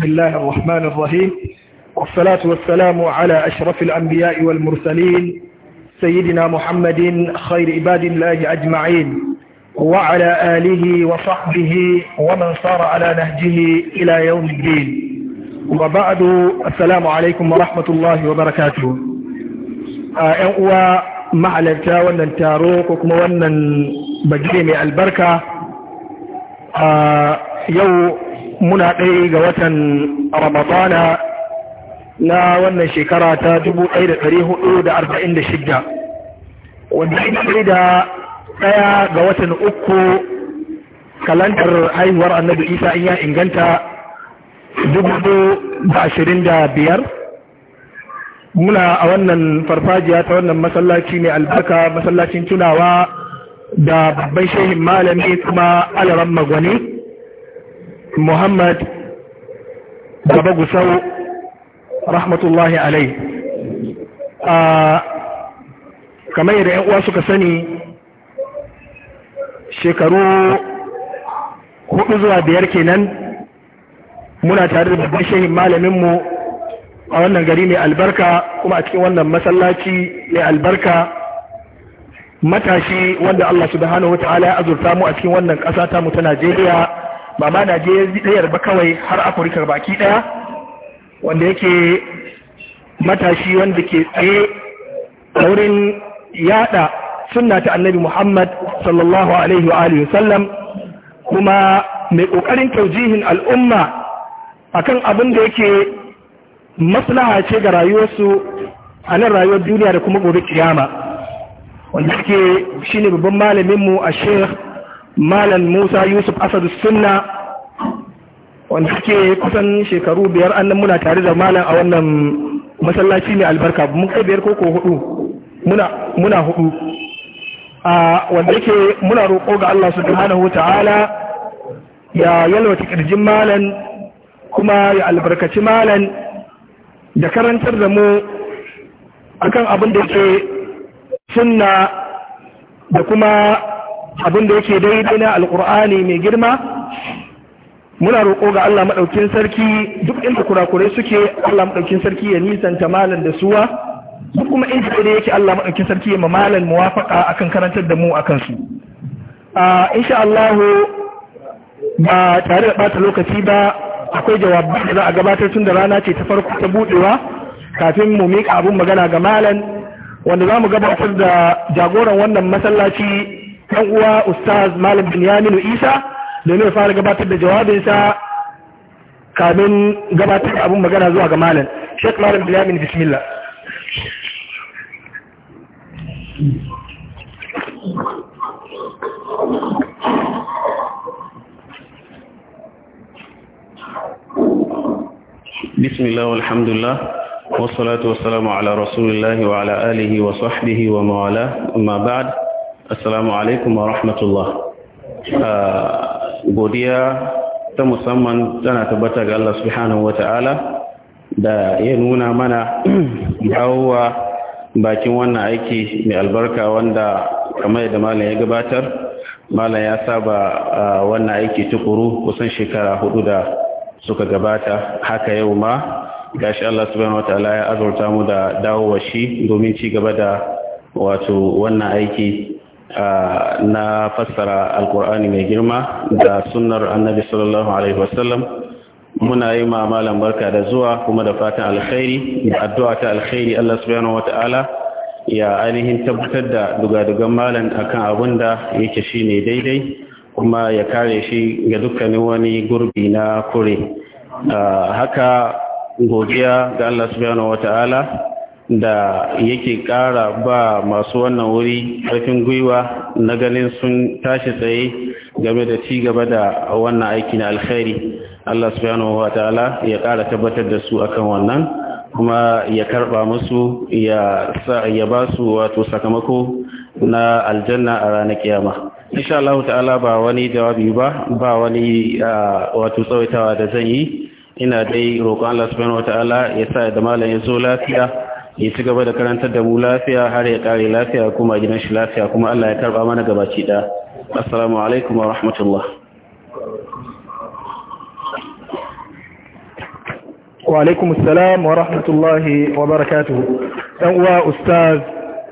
بسم الله الرحمن الرحيم والصلاة والسلام على أشرف الأنبياء والمرسلين سيدنا محمد خير عباد الله أجمعين وعلى آله وصحبه ومن صار على نهجه إلى يوم الدين وبعد السلام عليكم ورحمة الله وبركاته أعوى مع معلتا wannan taro ko kuma wannan muna ɗaya ga watan ramadana na wannan shekara ta 1446 wanda ita ɗaya da ɗaya ga watan uku kalantar haihuwar annabi isa in ya inganta 2025 muna a wannan farfajiya ta wannan masallaci mai albarka masallacin tunawa da babban shehin malami kuma alaran magwani muhammad baba gusau rahmatullahi alai kamar yadda 'yan uwa suka sani shekaru hudu zuwa biyar kenan muna tare da babban shehin malaminmu a wannan gari mai albarka kuma a cikin wannan masallaci mai albarka matashi wanda Allah subhanahu wa ta'ala ya azurta mu a cikin wannan ƙasa ta mu ta Najeriya ba ma Najeriya ɗayar ba kawai har Afirka baki ɗaya wanda yake matashi wanda ke tsaye a wurin yada sunna ta annabi Muhammad sallallahu alaihi wa alihi sallam kuma mai ƙoƙarin taujihin al'umma akan abin da yake maslaha ce ga rayuwarsu a nan rayuwar duniya da kuma gobe kiyama wanda yake shine babban malamin mu a Sheikh malam musa yusuf asadu sunna wanda suke kusan shekaru biyar an nan muna tare da malam a wannan masallaci mai albarka mun kai biyar koko hudu muna hudu a wanda yake muna roƙo ga Allah subhanahu ta'ala ya yalwata kirjin malam kuma ya albarkaci malam da karantar da mu akan abin da ke sunna da kuma abin da yake daidai na alkur'ani mai girma muna roƙo ga Allah maɗaukin sarki duk inda kurakurai suke Allah maɗaukin sarki ya nisanta malam da suwa duk kuma inda daidai yake Allah maɗaukin sarki ya mamalan muwafaka akan karantar da mu akan su insha Allah ba tare da bata lokaci ba akwai jawabin da za a gabatar tun da rana ce ta farko ta buɗewa kafin mu miƙa abun magana ga malam wanda za mu gabatar da jagoran wannan masallaci ɗan uwa ustaz malam binyaminu isa domin fara gabatar da jawabinsa kamin gabatar da abin magana zuwa ga malam sheik malam binyaminu bismillah بسم الله والحمد لله والصلاة والسلام على رسول الله وعلى آله وصحبه وموالاه أما بعد Assalamu alaikum wa rahmatullah. Ah, godiya ta musamman tana tabbata ga Allah subhanahu wa ta'ala da ya nuna mana dawowa bakin wannan aiki mai albarka wanda kamar yadda malam ya gabatar, malam ya saba ah, wannan aiki tukuru kusan shekara hudu da suka gabata haka yau ma gashi Allah subhanahu wa ta'ala ya azurta mu da dawowa shi domin ci gaba da wato wannan aiki na fassara alkur'ani mai girma da sunnar annabi sallallahu alaihi wasallam muna yi ma malam barka da zuwa kuma da fatan alkhairi da addu'a ta alkhairi Allah subhanahu wata'ala ya ainihin tabbatar da dugadugan malam akan abin da yake ne daidai kuma ya kare shi ga dukkanin wani gurbi na kure haka godiya ga Allah subhanahu wata'ala da yake ƙara ba masu wannan wuri ƙarfin gwiwa na ganin sun tashi tsaye game da ci gaba da wannan aiki na alkhairi Allah subhanahu wa ta'ala ya ƙara tabbatar da su akan wannan kuma ya karɓa musu ya ba su wato sakamako na aljanna a ranar kiyama insha Allah ta'ala ba wani jawabi ba ba wani wato tsawaitawa da zan yi ina dai roƙon Allah subhanahu wa ta'ala ya sa da malam zo lafiya ya ci gaba da karantar da mu lafiya har ya kare lafiya kuma gidan shi lafiya kuma Allah ya karba mana gabaci da assalamu alaikum wa rahmatullah wa alaikum assalam wa rahmatullahi wa barakatuh dan uwa ustaz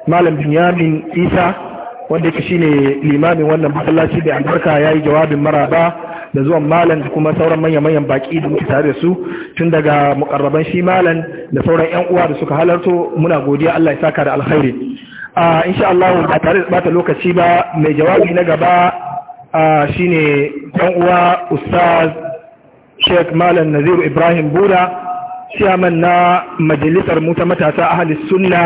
malam binyamin isa wanda yake shine limamin wannan masallaci da albarka ya yi jawabin maraba da zuwan malam da kuma sauran manya-manyan baki da muke tare da su tun daga mukarraban shi malam da sauran yan uwa da suka halarto muna godiya Allah ya saka da alkhairi insha Allah ba tare da bata lokaci ba mai jawabi na gaba shine yan uwa ustaz Sheikh Malam Naziru Ibrahim Buda chairman na majalisar mu ta matasa ahli sunna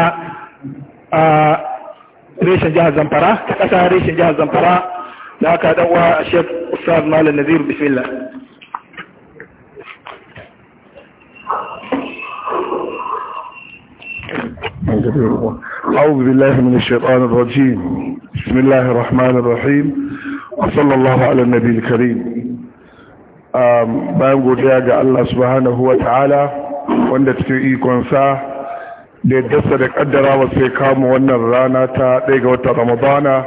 reshen jihar zamfara ta kasa reshen jihar zamfara da aka dawa a shek ustaz malam naziru bismillah أعوذ بالله من الشيطان الرجيم بسم الله الرحمن الرحيم وصلى الله على النبي الكريم bayan godiya ga Allah subhanahu wa ta'ala wanda cikin ikonsa da yadda da kaddara wa sai kama wannan rana ta ɗaya ga watan ramadana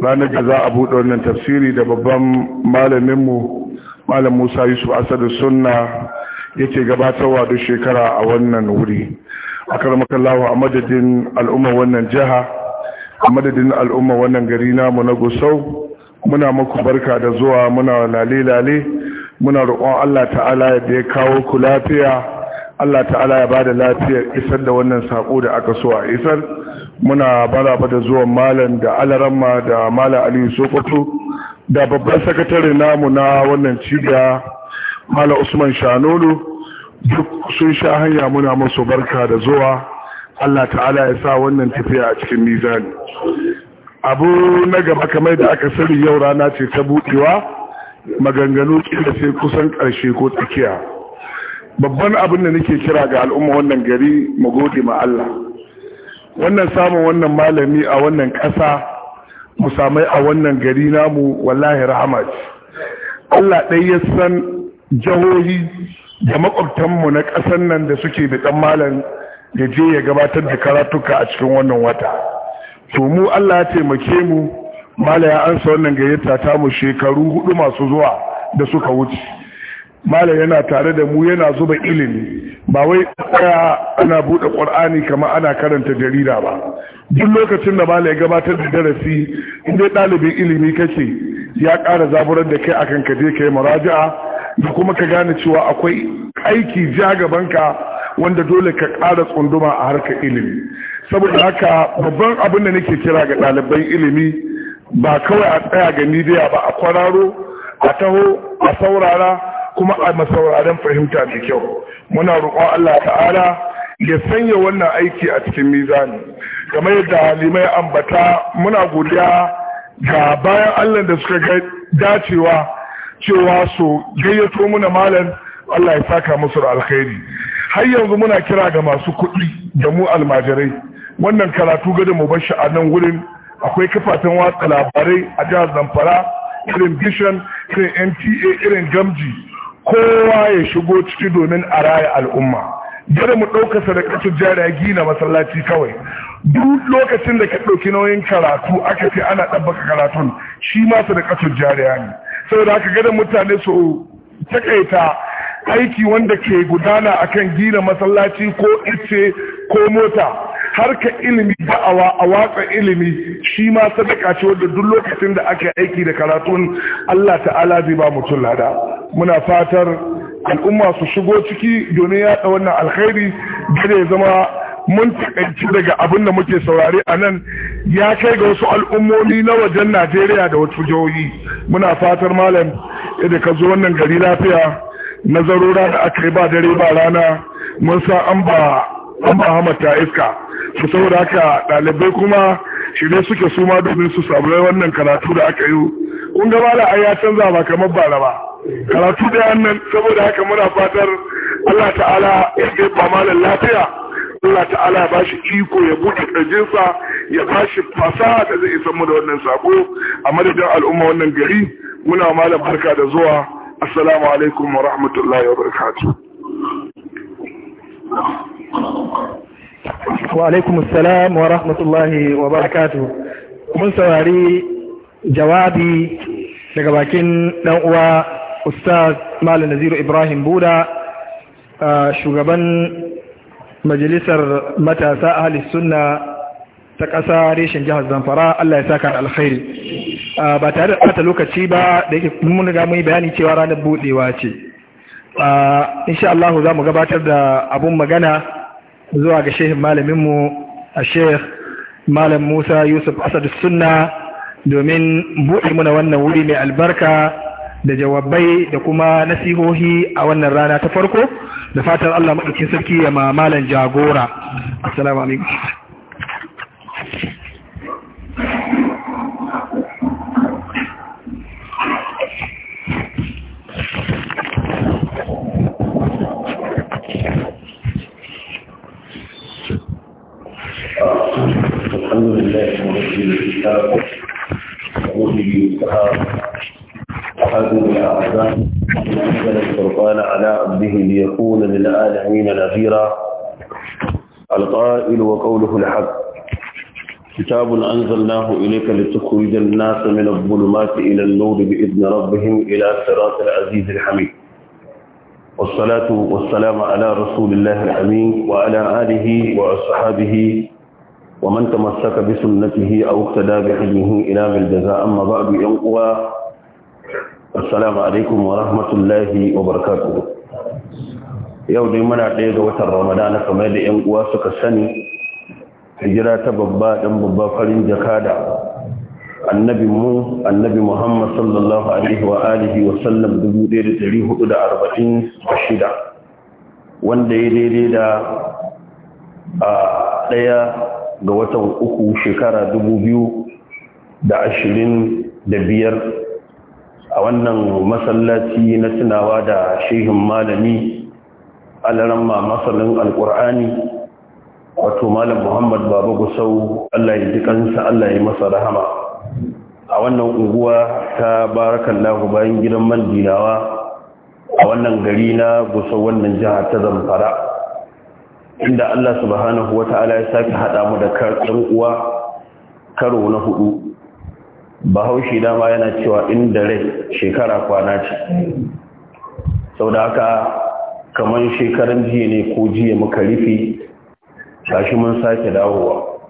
ranar da za a buɗe wannan tafsiri da babban malaminmu malam musa yusuf asadu sunna yake gabatarwa da shekara a wannan wuri a karmakallawa a madadin al'umma wannan jiha a madadin al'umma wannan gari namu na gusau muna maku barka da zuwa muna lale-lale muna roƙon allah ta'ala da ya kawo ku lafiya Allah ta'ala ya bada lafiyar isar da wannan saƙo da aka so a isar muna baraba da zuwan malam da alaramma da malam aliyu sokoto da babban sakatare namu na wannan cibiya, malam usman shanolu duk sun sha hanya muna masu barka da zuwa Allah ta'ala ya sa wannan tafiya a cikin mizani abu na gaba kamar da aka sani yau rana ce ta buɗewa maganganu kila sai kusan ƙarshe ko tsakiya babban abin da nake kira ga al'umma wannan gari mu gode ma Allah wannan samun wannan malami a wannan ƙasa mu samai a wannan gari namu wallahi rahmat. Allah dai ya san jihohi da mu na ƙasar nan da suke da ɗan malam ya je ya gabatar da karatuka a cikin wannan wata to mu Allah ya taimake mu malaya an ansa wannan gayyata ta mu shekaru hudu masu zuwa da suka wuce malam yana tare da mu yana zuba ilimi ba wai tsaya ana buɗe ƙur'ani kamar ana karanta jarida ba duk lokacin da malam ya gabatar da darasi in dai ɗalibin ilimi kake ya ƙara zaburar da kai akan ka je kai muraja'a da kuma ka gane cewa akwai aiki ja gabanka wanda dole ka ƙara tsunduma a harkar ilimi saboda haka babban abin da nake kira ga ɗaliban ilimi ba kawai a tsaya ga midiya ba a kwararo a taho a saurara kuma a masauraren fahimta mai kyau muna roƙon Allah ta'ala ya sanya wannan aiki a cikin mizani kamar yadda halimai ambata muna godiya ga bayan Allah da suka ga dacewa cewa su gayyato muna malam Allah ya saka musu alkhairi har yanzu muna kira ga masu kuɗi da mu almajirai wannan karatu gada mu bashi a nan wurin akwai kafafen watsa labarai a jihar zamfara irin vision irin NTA, irin gamji kowa ya shigo ciki domin a raya al'umma gada mu ɗauka sadakatu jariya gina masallaci kawai duk lokacin da ka ɗauki nauyin karatu aka fi ana ɗabbaka karatun shi ma sadakatu jariya ne saboda haka gada mutane su takaita aiki wanda ke gudana akan gina masallaci ko ice ko mota harka ilimi da'awa a watsa ilimi shi ma sadaka ce wadda duk lokacin da aka aiki da karatun Allah ta'ala zai ba mutum lada muna fatar al'umma su shigo ciki domin yaɗa wannan alkhairi gare ya zama mun taƙaici daga abin da muke saurari a nan ya kai ga wasu al'ummomi na wajen najeriya da wasu jihohi muna fatar malam Idan ka zo wannan gari lafiya zarura da aka yi ba dare ba rana mun sa an ba an ba ta iska su saboda haka dalibai kuma shirye suke su ma domin su samu wannan karatu da aka yi kun gaba da ya canza ba kamar bara ba karatu da yannan saboda haka muna fatar Allah ta'ala ya ga ba malan lafiya Allah ta'ala ya bashi iko ya buɗe kajinsa ya bashi fasaha da zai isa mu da wannan sako a madadin al'umma wannan gari muna malam barka da zuwa assalamu alaikum wa rahmatullahi wa barakatuh wa alaikum salam wa rahmatullahi wa barakatu. mun saurari jawabi daga bakin dan uwa ustaz malam naziru ibrahim buda shugaban majalisar matasa ahli sunna ta ƙasa reshen jihar zamfara Allah ya saka alkhairi ba tare da ɓata lokaci ba da yake mun riga mun bayani cewa ranar buɗewa ce insha Allah za mu gabatar da abun magana zuwa ga shehin malaminmu a sheikh malam musa yusuf Asad sunna domin buɗe muna wannan wuri mai albarka da jawabai da kuma nasihohi a wannan rana ta farko da fatan allah maɗaukin sarki ya ma malam jagora assalamu alaikum الحمد لله مبدل الكتاب ومبدل السحاب وحازم الأعزاء أنزل الفرقان على عبده ليكون للعالمين نذيرا القائل وقوله الحق كتاب أنزلناه إليك لتخرج الناس من الظلمات إلى النور بإذن ربهم إلى صراط العزيز الحميد والصلاة والسلام على رسول الله الأمين وعلى آله وأصحابه ومن تمسك بسنته أو اقتدى بحجه إلى بالجزاء أما بعد ينقوى السلام عليكم ورحمة الله وبركاته يوم منا عيد وتر رمضان كما ينقوى سكسني hijira ta babba dan babba farin jakada annabi mu annabi muhammad sallallahu alaihi wa alihi wa sallam 1446 wanda ya daidai da a daya ga watan uku shekara dubu biyu da ashirin da biyar a wannan masallaci na tunawa da shehin malami alaramma masallin alkur'ani wato malam muhammad baba gusau allah ya ji allah ya masa rahama a wannan unguwa ta barakallahu bayan gidan man dinawa a wannan gari na gusau wannan jiha ta zamfara inda Allah subhanahu ta'ala ya sake haɗa mu da karɗin uwa karo na hudu bahaushe dama yana cewa inda rai shekara kwana ce sau da haka kamar shekaran jiya ne ko jiya muka rufe kashi mun sake dawowa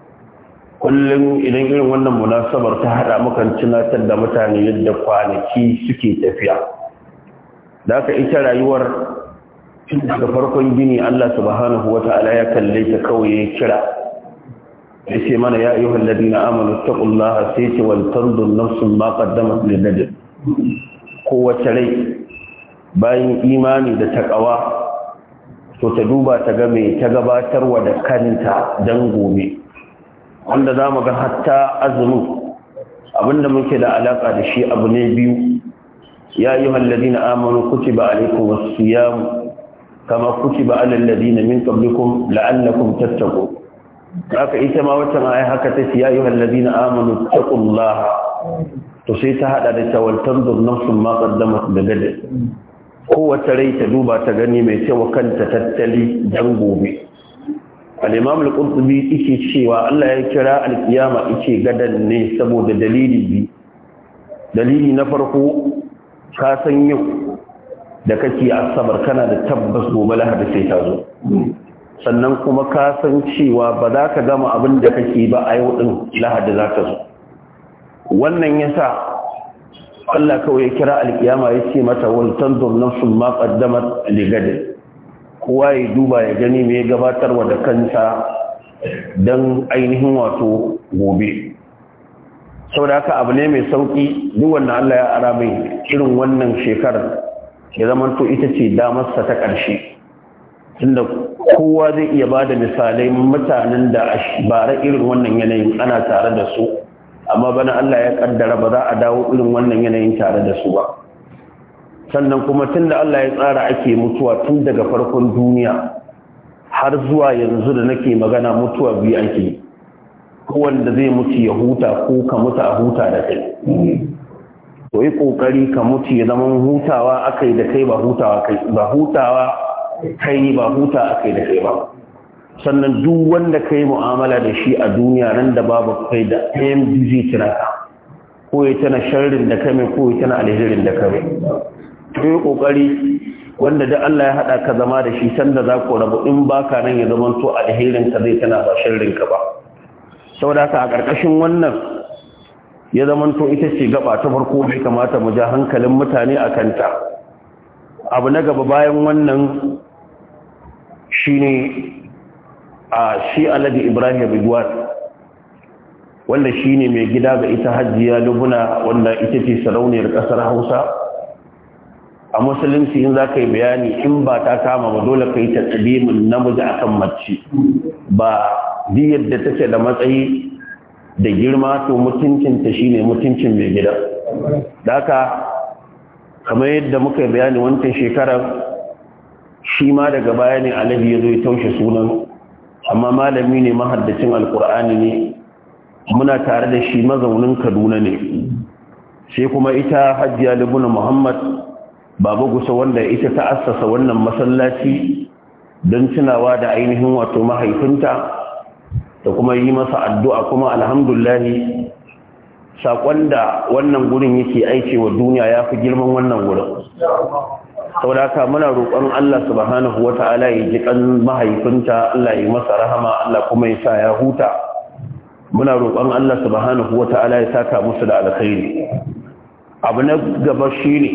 kullum idan irin wannan munasabar ta haɗa, mukan tunatar da mutane yadda kwanaki suke tafiya da aka ita rayuwar daga farkon gini Allah subhanahu wa ta'ala ya kalle ta kawai ya kira ya ce mana ya yi halladi na amonu sai ce waltardun nafsun ma ƙaddamar kowace rai bayan imani da taƙawa to ta duba ta ga mai ta gabatarwa da kanta don gobe wanda za mu ga hatta azumin abinda muke da alaƙa da shi abu ne biyu ya yi halladi na amonu kuci ba alaikowar siyamu kama kuki alal ladina min qablikum la'allakum tattaqu haka ita ma watan ayi haka ta ci ya ayyuhal ladina amanu taqullaha to sai ta hada da tawaltan nafsun ma qaddamat da ko kowace rai ta duba ta gani mai cewa kanta tattali dan gobe al qurtubi yake cewa Allah ya kira alkiyama yake gadan ne saboda dalili bi dalili na farko ka san yau da kake asabar kana da tabbas gobe lahadi sai ta zo sannan kuma ka san cewa ba za ka gama abin da kake ba a yau din lahadi za ta zo wannan yasa Allah kawai ya kira alkiyama ya ce mata wal tanzur nafsun ma qaddamat li kowa ya duba ya gani me gabatarwa da kansa dan ainihin wato gobe saboda haka abu ne mai sauki duk wanda Allah ya ara mai irin wannan shekarar ya zama to ita ce damarsa ta ƙarshe tunda kowa zai iya ba da misalai mutanen da bara irin wannan yanayin ana tare da su amma bana Allah ya kaddara ba za a dawo irin wannan yanayin tare da su ba sannan kuma tunda Allah ya tsara ake mutuwa tun daga farkon duniya har zuwa yanzu da nake magana mutuwa biyu ake kowanda zai mutu ya huta ko ka mutu a huta da kai to yi kokari ka mutu ya zama hutawa aka yi da kai ba hutawa kai ba hutawa kai ba huta aka yi da kai ba sannan duk wanda ka yi mu'amala da shi a duniya nan da babu kai da ɗayan zai ka ko ya tana sharrin da kame ko ya tana alherin da kame to yi kokari wanda da Allah ya haɗa ka zama da shi sanda za ku rabu in baka nan ya zama to alherin ka zai tana ba sharrin ka ba saboda haka a ƙarƙashin wannan ya zamanto ita ce gaba ta farko bai kamata mu ja hankalin mutane a kanta abu na gaba bayan wannan shine a shi alhaji ibrahim rigwan wanda shine mai gida ga ita hajjiya lubuna wanda ita ce sarauniyar ƙasar hausa a musulunci in za ka yi bayani in ba ta kama ba dole ka yi ta tsibimin namiji a kan mace ba diyar da take da matsayi da girma to mutuncinta shine mutuncin mai gida daka kamar yadda muka bayani wancan shekarar shi ma daga baya ne alabi ya zo ya taushe sunan amma malami ne mahaddacin alkur'ani ne muna tare da shi mazaunin kaduna ne sai kuma ita hajjiya libuna muhammad babu gusa wanda ita ta assasa wannan masallaci don tunawa da ainihin wato mahaifinta da kuma yi masa addu'a kuma alhamdulahi saƙon da wannan gurin yake aiki wa duniya ya fi girman wannan gurin sauraka muna roƙon Allah subhanahu wa ta'ala ya ji ƙan mahaifinta Allah ya masa rahama Allah kuma ya sa ya huta muna roƙon Allah subhanahu wa ta'ala ya saka musu da alkhairi abu na gaba shi ne.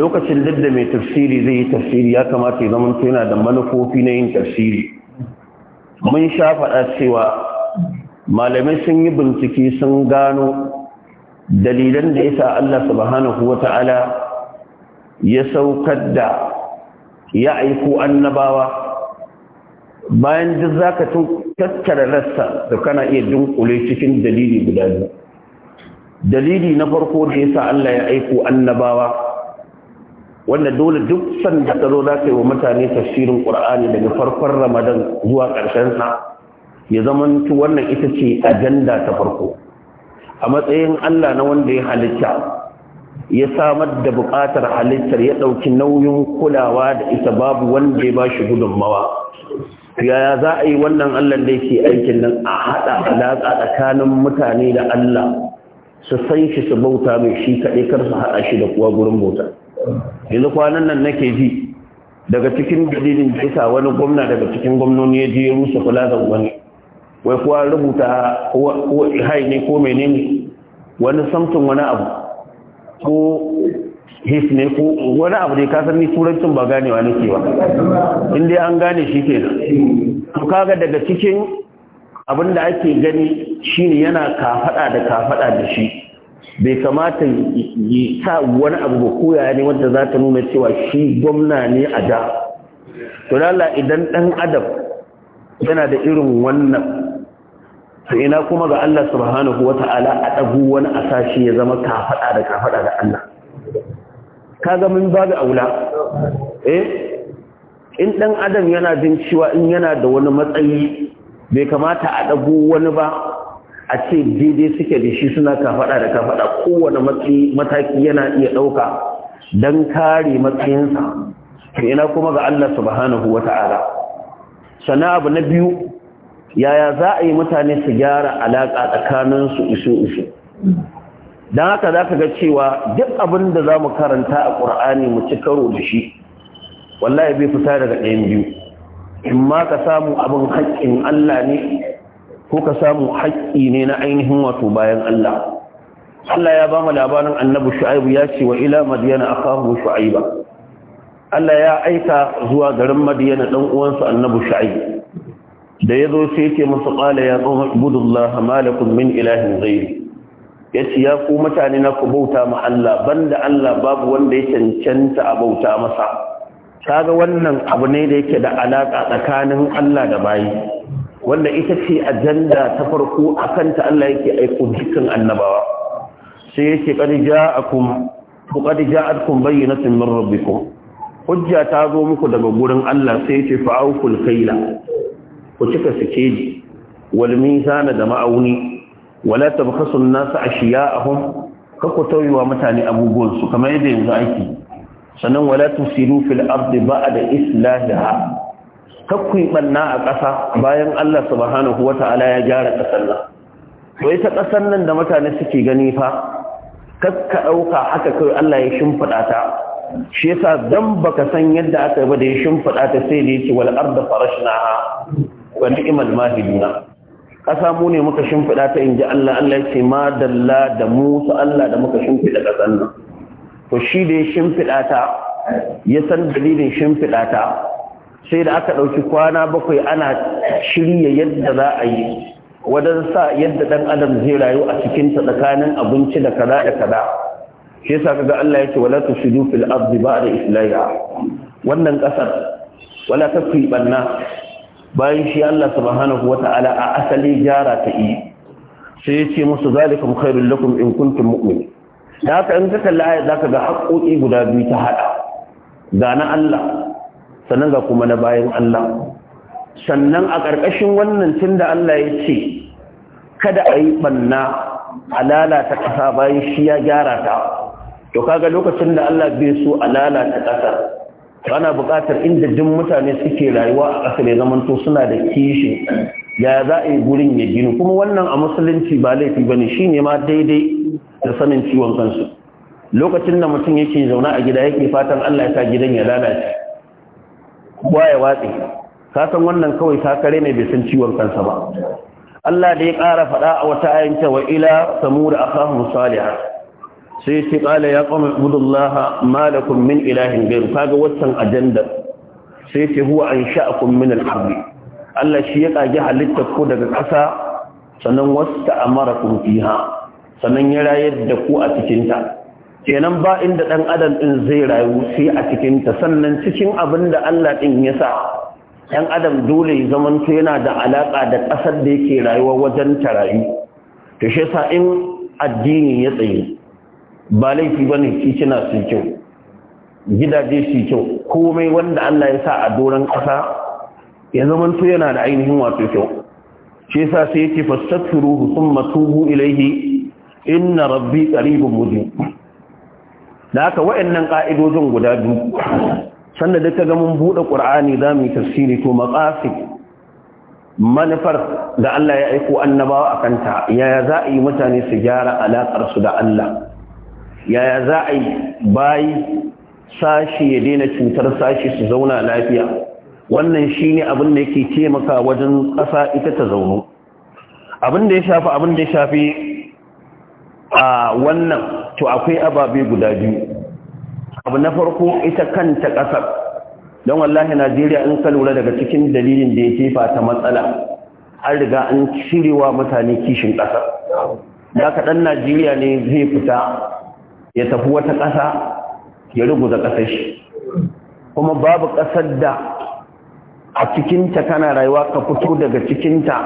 lokacin duk da mai tafsiri zai yi tafsiri ya kamata ya zama yana da manufofi na yin tafsiri mun sha faɗa cewa malamai sun yi bincike sun gano dalilan da yasa Allah subhanahu ta'ala ya saukar da ya aiko annabawa bayan duk zaka tattara rassa da kana iya dunkule cikin dalili guda biyu dalili na farko da yasa Allah ya aiko annabawa wanda dole duk sanda da tsaro za ta yi wa mutane tafsirin ƙur'ani daga farkon ramadan zuwa karshen sa ya zaman wannan ita ce ajanda ta farko a matsayin allah na wanda ya halitta ya samar da buƙatar halittar ya ɗauki nauyin kulawa da ita babu wanda ya ba shi gudunmawa yaya za a yi wannan allah da yake aikin nan a haɗa alaƙa tsakanin mutane da allah su san shi su bauta mai shi kaɗai kar su haɗa shi da kuwa gurin bauta yanzu kwanan nan nake ji daga cikin dalilin kisa wani gwamna daga cikin gwamnoni ya je rusa da wani wai kuwa rubuta ko hai ne ko menene wani samtin wani abu ko his ne ko wani abu da ka san ni turancin ba ganewa nake ba in dai an gane shi kenan to kaga daga cikin abin da ake gani shine yana kafada da kafada da shi bai kamata yi sa wani abu ba koya ne wanda za ta nuna cewa shi gwamna ne a da to lalla idan dan adam yana da irin wannan to ina kuma ga Allah subhanahu wata'ala a dagu wani asashi ya zama kafada da kafada da Allah kaga mun ga aula eh in dan adam yana jin cewa in yana da wani matsayi bai kamata a dagu wani ba a ce daidai suke da shi suna kafaɗa da kafaɗa kowane mataki yana iya ɗauka don kare matsayinsa to ina kuma ga Allah subhanahu wa ta'ala sana abu na biyu yaya za a yi mutane su gyara alaƙa tsakaninsu iso iso don haka za ka ga cewa duk abin da za mu karanta a ƙur'ani mu ci karo da shi wallahi bai fita daga ɗayan biyu in ma ka samu abin hakkin Allah ne ko ka samu haƙƙi ne na ainihin wato bayan Allah Allah ya ba mu labarin annabi Shu'aibu ya ce wa ila madyana akahu Shu'aiba Allah ya aika zuwa garin Madyana dan uwansa annabi Shu'aib da yazo sai yake musu qala ya qawm ibudullaha malakum min ilahin ghayri yace ya ku mutane na ku bauta ma Allah banda Allah babu wanda ya cancanta a bauta masa kaga wannan abu ne da yake da alaka tsakanin Allah da bayi wanda ita ce ajanda ta farko a kanta Allah yake aiko dukkan annabawa sai yake qad ja'akum bayyinatun min rabbikum hujja ta zo muku daga gurin Allah sai yake fa'aukul kaila ku cika sikeji wal mizana da ma'auni wala tabkhasu an-nasa ashiya'ahum kako tauyewa mutane abubuwan su kamar yadda yanzu ake sannan wala tusiru fil ardi ba'da islahiha kakkuyi banna a ƙasa bayan Allah subhanahu ta'ala ya gyara ƙasar nan wai ita ƙasar nan da mutane suke gani fa kakka ɗauka haka kawai Allah ya shimfiɗa ta shi yasa dan baka san yadda aka yi ba da ya shimfiɗa ta sai da yake wal arda farashnaha wa ni'mal mahiduna ƙasa mu ne muka shimfiɗa ta ji Allah Allah ya ce ma dalla da mu su Allah da muka shimfiɗa ƙasar nan to shi da ya shimfiɗa ta ya san dalilin shimfiɗa ta sai da aka ɗauki kwana bakwai ana shirya yadda za a yi wadan sa yadda ɗan adam zai rayu a cikin ta tsakanin abinci da kaza da kaza shi yasa kaga Allah yake wala tusidu fil ardi ba'da islahiha wannan kasar wala tafi banna bayan shi Allah subhanahu wata'ala a asali gyara ta yi sai yace musu zalikum khairul lakum in kuntum mu'minin da haka in ka kalli ayat zaka ga haƙoƙi guda biyu ta hada ga na Allah sannan ga kuma na bayan Allah sannan a ƙarƙashin wannan tun da Allah ya ce kada a yi ɓanna a lalata ƙasa bayan shi ya gyara ta to kaga lokacin da Allah bai so a lalata ƙasar ana buƙatar inda duk mutane suke rayuwa a ƙasar ya zamanto suna da kishi ya za a yi gurin ya gini kuma wannan a musulunci ba laifi ba ne shi ne ma daidai da sanin ciwon kansu lokacin da mutum yake zaune a gida yake fatan Allah ya sa gidan ya lalace kowa ya watse ka san wannan kawai sakare ne bai san ciwon kansa ba Allah da ya ƙara faɗa a wata ayanta wa ila samur akahum salihah sai ce qala ya qawmi ibudullaha ma lakum min ilahin ghayru kaga waccan ajanda sai ce huwa ansha'akum min al-ard Allah shi ya kage halittar ku daga ƙasa sannan wasta amarakum fiha sannan ya rayar da ku a cikin ta kenan ba inda ɗan adam ɗin zai rayu sai a cikin ta sannan cikin abin da Allah ɗin ya sa ɗan adam dole ya zamanto yana da alaƙa da ƙasar da yake rayuwa wajen ta rayu to shi yasa in addini ya tsaye ba laifi ba ne titina su kyau gidaje su kyau komai wanda Allah ya sa a doron ƙasa ya zamanto yana da ainihin wato kyau shi yasa sai yake fastaghfiruhu thumma tubu ilaihi? inna rabbi qaribun mujib da haka wa'annan ƙa'idojin guda biyu sannan da ta ga mun buɗe ƙur'ani za mu yi tafsiri to maqasid manufar da Allah ya aiko annabawa a kanta yaya za a yi mutane su gyara su da Allah yaya za a yi bayi sashi ya daina cutar sashi su zauna lafiya wannan shine ne abin da yake taimaka wajen ƙasa ita ta zauno abin da ya shafi abin da ya shafi a wannan to akwai ababe guda biyu abu na farko ita kanta kasar don wallahi najeriya in ka lura daga cikin dalilin da ya jefa ta matsala an riga an cirewa mutane kishin ƙasar da ka ɗan najeriya ne zai fita ya tafi wata ƙasa ya ruguza ƙasar shi kuma babu ƙasar da a cikinta kana rayuwa ka fito daga cikinta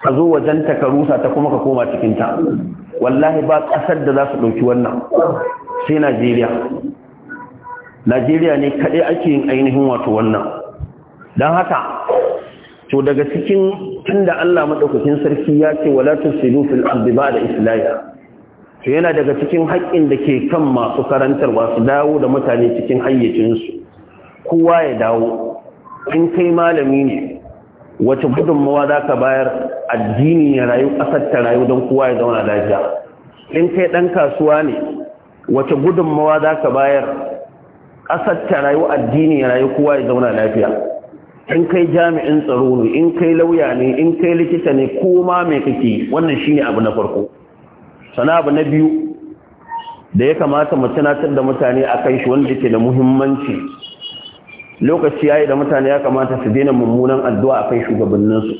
ka zo ta ka rusa ta kuma ka koma cikinta wallahi ba ƙasar da za su ɗauki wannan sai najeriya najeriya ne kaɗai ake yin ainihin wato wannan don haka to daga cikin tunda allah maɗaukakin sarki ya ce wala latin fil ardi da islaya to yana daga cikin haƙƙin da ke kan masu karantarwa su dawo da mutane cikin hayyacinsu kowa ya dawo in kai malami ne wace gudunmawa za ka bayar addini ya rayu ƙasar ta rayu don kowa ya zauna lafiya in kai ɗan kasuwa ne wace gudunmawa za ka bayar ƙasar ta rayu addini ya rayu kowa ya zauna lafiya in kai jami'in tsaro ne in kai lauya ne in kai likita ne ko ma mai kake wannan shi ne abu na farko sana abu na biyu da ya kamata mu tunatar da mutane a kai shi wanda ke da muhimmanci lokaci yayi da mutane ya kamata su daina mummunan addu'a a kai shugabanninsu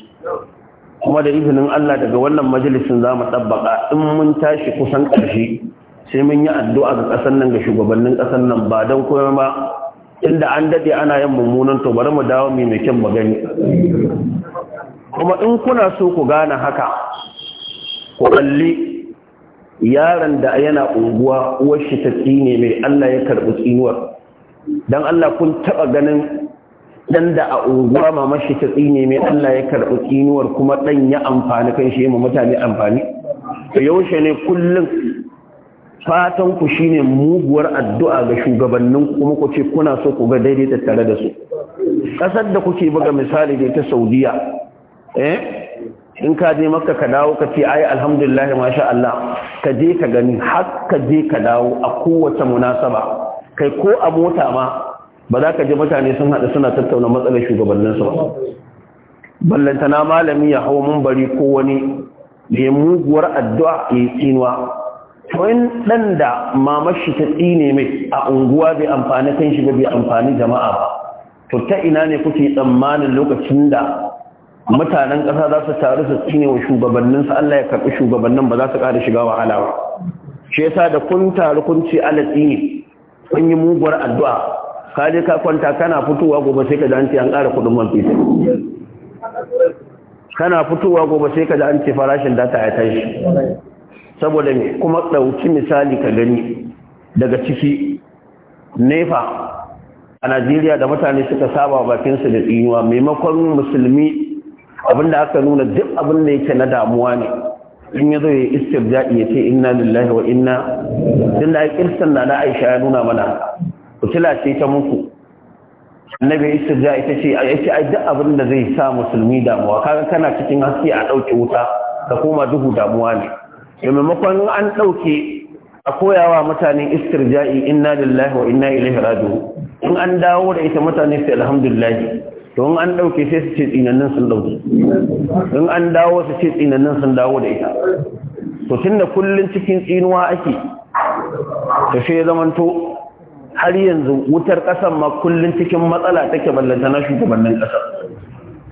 kuma da izinin Allah daga wannan majalisin za mu ɗabbaƙa in mun tashi kusan ƙarshe sai mun yi addu'a ga ƙasar nan ga shugabannin ƙasar nan ba don kuma ba inda an daɗe ana yin mummunan to bari mu dawo mai mai kyan magani kuma in kuna so ku gane haka ku kalli yaron da yana unguwa uwar shi ta tsine mai Allah ya karɓi tsinuwar dan Allah kun taɓa ganin dan da a unguwa mama shi ta tsine mai Allah ya karɓi tsinuwar kuma ɗan ya amfani kan shi mu mutane amfani to yaushe ne kullum fatan ku shine muguwar addu'a ga shugabannin kuma ku ce kuna so ku ga daidai tare da su Ƙasar da kuke buga misali da ta Saudiya eh in ka je makka ka dawo ka ce ai alhamdulillah masha Allah ka je ka gani har ka je ka dawo a kowace munasaba kai ko a mota ma ba za ka ji mutane sun haɗu suna tattauna matsalar shugabanninsu ba ballantana malami ya hau bari ko wani da ya muguwar addu'a ya tsinuwa in ɗan da mamashi ta tsine mai a unguwa bai amfani kan shi bai amfani jama'a ba to ta ina ne kuke tsammanin lokacin da mutanen ƙasa za su taru su tsine wa shugabanninsu Allah ya karɓi shugabannin ba za su ƙara shiga wahala ba shi yasa da kun taru kun ce tsine kun yi muguwar addu'a ka je ka kwanta kana fitowa gobe sai ka da hanci an ƙara kuɗin man fita kana fitowa gobe sai ka da hanci farashin data ya tashi saboda ne kuma ɗauki misali ka gani daga ciki nefa a najeriya da mutane suka saba bakinsu da tsinuwa maimakon musulmi abinda aka nuna duk abin da yake na damuwa ne in ya zo ya istirja'i ya ce inna lillahi wa inna tun da kirsan na Aisha ya nuna mana kutila ce ta muku annabi ya istirja'i ita ce ya ai duk abin da zai sa musulmi damuwa kaga kana cikin haske a ɗauke wuta ka koma duhu damuwa ne da maimakon an ɗauke a koyawa mutane istirja'i inna lillahi wa inna ilaihi raji'un in an dawo da ita mutane sai alhamdulillah to in an dauke sai su ce tsinannin sun dauke in an dawo su ce tsinannin sun dawo da ita to tunda kullun cikin tsinuwa ake to sai ya zamanto har yanzu wutar kasan ma kullun cikin matsala take ballanta na shugabannin kasa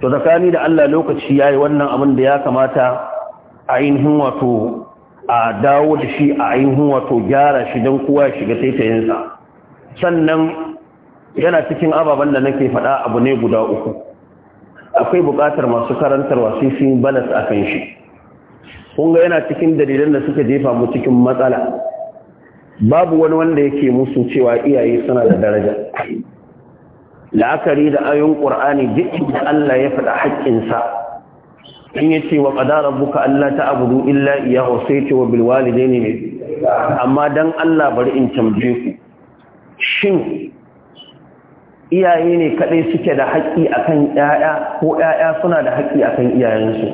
to tsakani da Allah lokaci ya yi wannan abin da ya kamata a ainihin wato a dawo da shi a ainihin wato gyara shi don kowa ya shiga taitayinsa sannan yana cikin ababen da nake faɗa abu ne guda uku akwai buƙatar masu karantar wasu sun balas a kan shi kunga yana cikin dalilan da suka jefa mu cikin matsala babu wani wanda yake musu cewa iyaye suna da daraja la'akari da ayon ƙur'ani duk da Allah ya faɗa haƙƙinsa in ya ce wa ƙadara buka Allah ta abudu illa iya hausaiti wa bilwalide ne amma don Allah bari in tambaye ku shin iyaye ne kaɗai suke da haƙƙi akan ‘ya'ya ko ‘ya'ya suna da haƙƙi akan iyayensu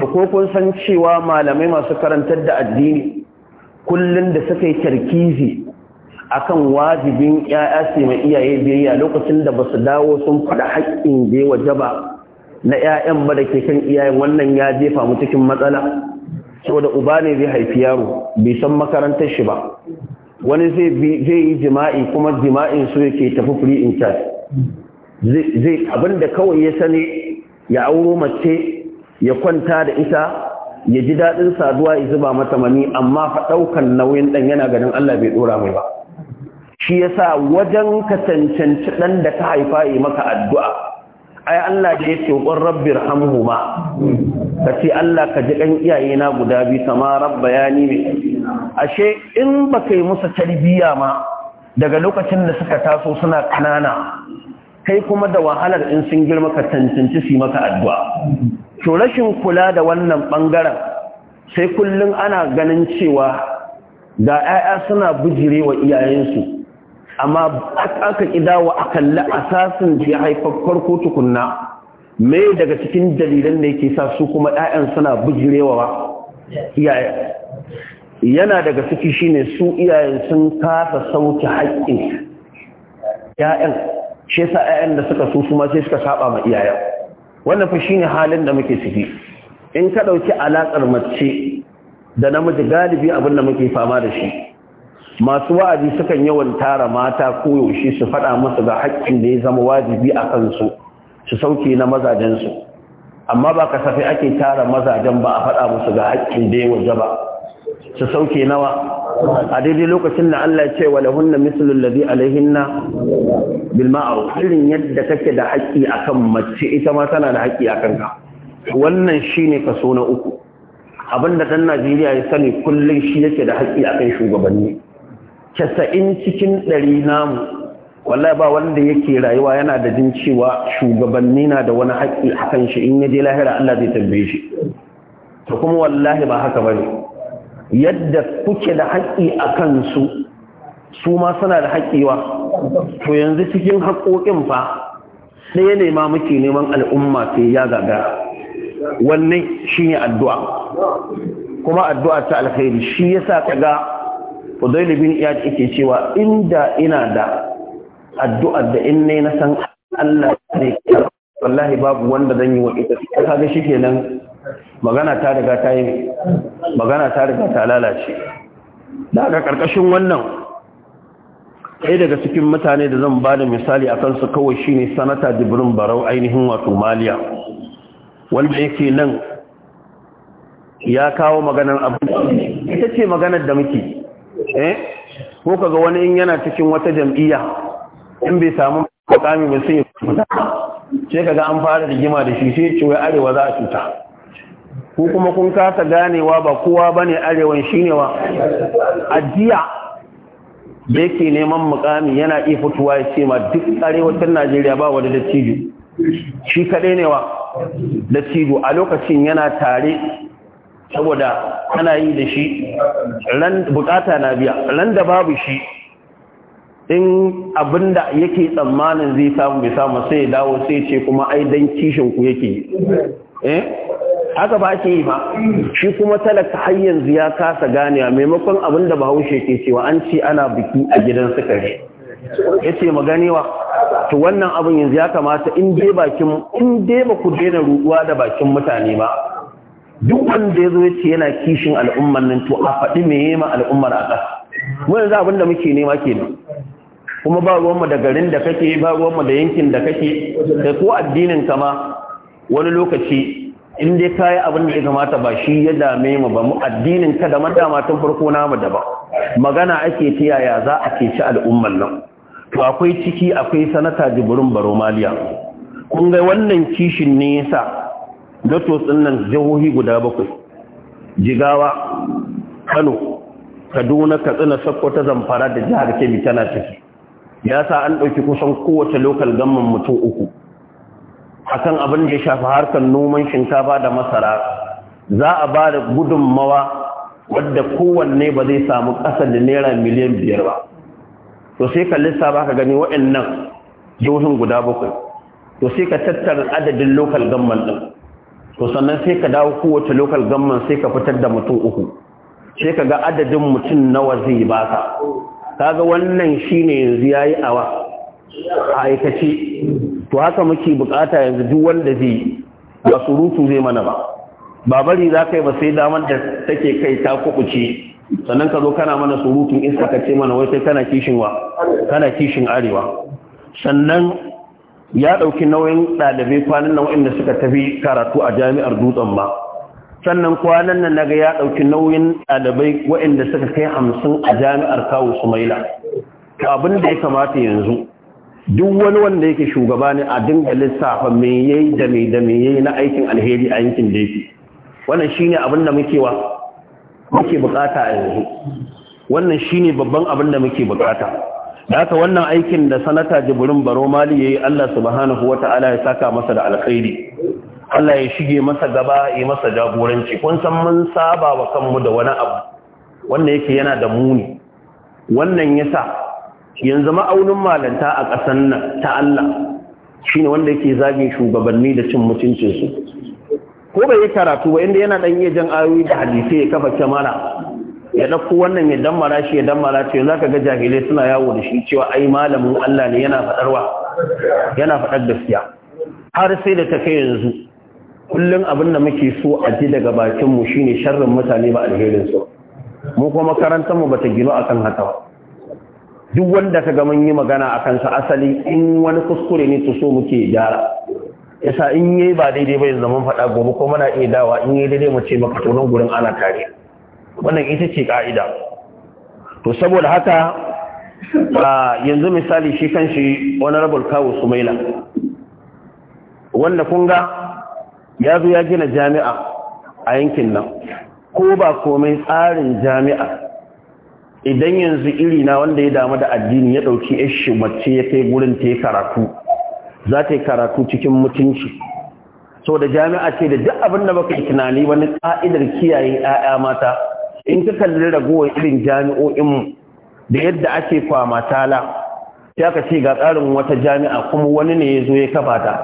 ko kun san cewa malamai masu karantar da addini kullum da suka yi tarkizi akan wajibin ‘ya'ya su mai iyaye biyayya lokacin da ba su dawo sun faɗa haƙƙin da ya jaba na ‘ya'yan ba da ke kan iyayen wannan ya jefa mu cikin matsala saboda uba ne zai haifi yaro bai san makarantar shi ba wani zai yi jima'i kuma jima'in su yake tafi free in charge zai abinda kawai ya sani ya auro mace ya kwanta da ita ya ji daɗin saduwa ya zuba mata mani amma fa ɗaukan nauyin ɗan yana ganin Allah bai ɗora mai ba shi yasa wajen ka cancanci ɗan da ka haifa yi maka addu'a ai Allah da yake ƙon rabbir hamhuma ba, kace Allah ka ji kan iyaye na guda biyu sama rabba yani ne ashe in ba kai musu tarbiyya ma daga lokacin da suka taso suna kanana kai kuma da wahalar in sun girma ka tantance su maka addu'a to rashin kula da wannan bangaren sai kullum ana ganin cewa ga 'ya'ya suna bijirewa iyayensu amma aka kidawa a kalli asasin da ya haifar farko tukunna me daga cikin dalilan da yake sa su kuma ɗayan suna bujirewa iyaye yana daga ciki shine su iyayen sun kasa sauki haƙƙin ƴaƴan shi yasa ƴaƴan da suka so su ma sai suka saba ma iyayen wannan fa shine halin da muke ciki in ka dauki alaƙar mace da namiji galibi abin da muke fama da shi masu wa'azi sukan yawan tara mata koyaushe su faɗa musu ga haƙƙin da ya zama wajibi a kansu su sauke na mazajensu amma ba kasafai ake tara mazajen ba a faɗa musu ga haƙƙin da ya waje ba su sauke nawa a daidai lokacin da Allah ce wa lahunna mislul ladhi alaihinna bil irin yadda kake da haƙƙi akan mace ita ma tana da haƙƙi akan ka wannan shine kaso na uku abinda ɗan Najeriya ya sani kullum shi yake da haƙƙi akan shugabanni casa'in cikin ɗari namu wallahi ba wanda yake rayuwa yana da jin cewa shugabanni na da wani haƙƙi a kan shi in ya je lahira Allah zai tambaye shi to kuma wallahi ba haka bane yadda kuke da haƙƙi a kansu su ma suna da haƙƙiwa to yanzu cikin haƙoƙin fa ɗaya ne ma muke neman al'umma sai ya gagara wannan shine addu'a kuma addu'a ta alkhairi shi yasa kaga Udaili bin Iyad yake cewa inda ina da addu'ar da in ne na san Allah ne wallahi babu wanda zan yi wa ita kaga shikenan magana ta riga ta yi magana ta riga ta lalace daga karkashin wannan Sai daga cikin mutane da zan bada misali a kansu kawai shine sanata jibrin barau ainihin wato maliya wanda yake nan ya kawo maganar abu ita ce maganar da muke eh ko kaga wani in yana cikin wata jam'iyya in bai samu mukami ba sai ya ce kaga an fara rigima da shi sai ce wai arewa za a cuta ko kuma kun kasa ganewa ba kowa bane arewan shine wa ajiya da yake neman mukami yana iya fitowa ya ce ma duk arewacin Najeriya ba wani dattijo shi kadai ne wa dattijo a lokacin yana tare saboda ana yi da shi bukata na biya ran da babu shi in abinda yake tsammanin zai samu bai samu sai dawo sai ce kuma ai dan kishin ku yake eh haka ba ke yi ba shi kuma talaka har yanzu ya kasa ganewa maimakon abinda bahaushe ke cewa an ce ana biki a gidan sukari ya ce maganewa to wannan abin yanzu ya kamata in dai bakin in dai ba ku daina ruɗuwa da bakin mutane ba duk wanda ya zo ya ce yana kishin al'ummar nan to a faɗi me ma al'ummar a ƙasa mu yanzu abin da muke nema ne kuma ba ruwanmu da garin da kake ba ruwanmu da yankin da kake da ko addinin ka ma wani lokaci in dai kayi abin da ya kamata ba shi ya dame mu ba mu addinin ka da madama tun farko namu da ba magana ake ta yaya za a keci al'ummar nan to akwai ciki akwai sanata jibrin baromaliya kun ga wannan kishin ne yasa dato nan jihohi guda bakwai jigawa kano kaduna katsina sakkwata zamfara da jihar kebbi tana ciki ya sa an ɗauki kusan kowace lokal gamman mutum uku akan abin da ya shafi harkar noman shinkafa da masara za a ba da gudunmawa wadda kowanne ba zai samu ƙasa da naira miliyan biyar ba to sai ka lissafa ka gani waɗannan jihohin guda bakwai to sai ka tattara adadin lokal gamman ɗin to sannan sai ka dawo kowace lokal government sai ka fitar da mutum uku sai ka ga adadin mutum nawa zai baka kaga wannan shine yanzu yayi awa a aikace to haka muke bukata yanzu duk wanda zai ba surutu zai mana ba ba bari za ka yi ba sai damar da take kai ta kubuce sannan ka zo kana mana surutun iska ka ce mana wai kai kana kishin kana kishin arewa sannan ya ɗauki nauyin ɗalibai kwanan nan waɗanda suka tafi karatu a jami'ar dutsen ba sannan kwanan nan naga ya ɗauki nauyin ɗalibai waɗanda suka kai hamsin a jami'ar Kawu sumaila abin da ya kamata yanzu duk wani wanda yake shugaba ne a dinga lissafa me yayi da me da me yayi na aikin alheri a yankin da yake wannan shine abin da muke wa muke bukata a yanzu wannan shine babban abin da muke bukata haka wannan aikin da sanata jibrin baro mali yayi Allah subhanahu wata'ala ya saka masa da alkhairi Allah ya shige masa gaba ya masa jagoranci kun san mun saba wa kanmu da wani abu wanda yake yana da muni wannan yasa yanzu ma'aunin malanta a ƙasar nan ta Allah shine wanda yake zage shugabanni da cin mutuncin su ko bai karatu ba inda yana dan iya jan ayoyi da hadisi ya kafa kyamara ya ɗauko wannan ya dammara shi ya dammara ce za ka ga jahilai suna yawo da shi cewa ai malamin Allah ne yana faɗarwa yana faɗar gaskiya har sai da ta kai yanzu kullum abin da muke so a ji daga bakinmu shine sharrin mutane ba alherin su mu kuma makarantar mu bata gino akan haka ba duk wanda kaga mun yi magana akan sa asali in wani kuskure ne to so muke gyara yasa in yayi ba daidai ba yanzu mun faɗa gobe ko muna iya dawa in yayi daidai mu ce maka to gurin ana tare wannan ita ce ƙa'ida, to saboda haka yanzu misali shi kan shi honorable kawo sumaila wanda kunga ya zo ya gina jami'a a yankin nan ko ba komai tsarin jami'a idan yanzu iri na wanda ya damu da addini ya ɗauki ishi mace ya kai gurin ta yi karatu za ta yi karatu cikin mutunci so da jami'a ce da duk abin da baka yi tunani wani ƙa'idar kiyaye 'ya'ya mata in ka kalli ragowar irin jami'o'inmu da yadda ake kwama tala ya ka ce ga tsarin wata jami'a kuma wani ne ya zo ya kafa ta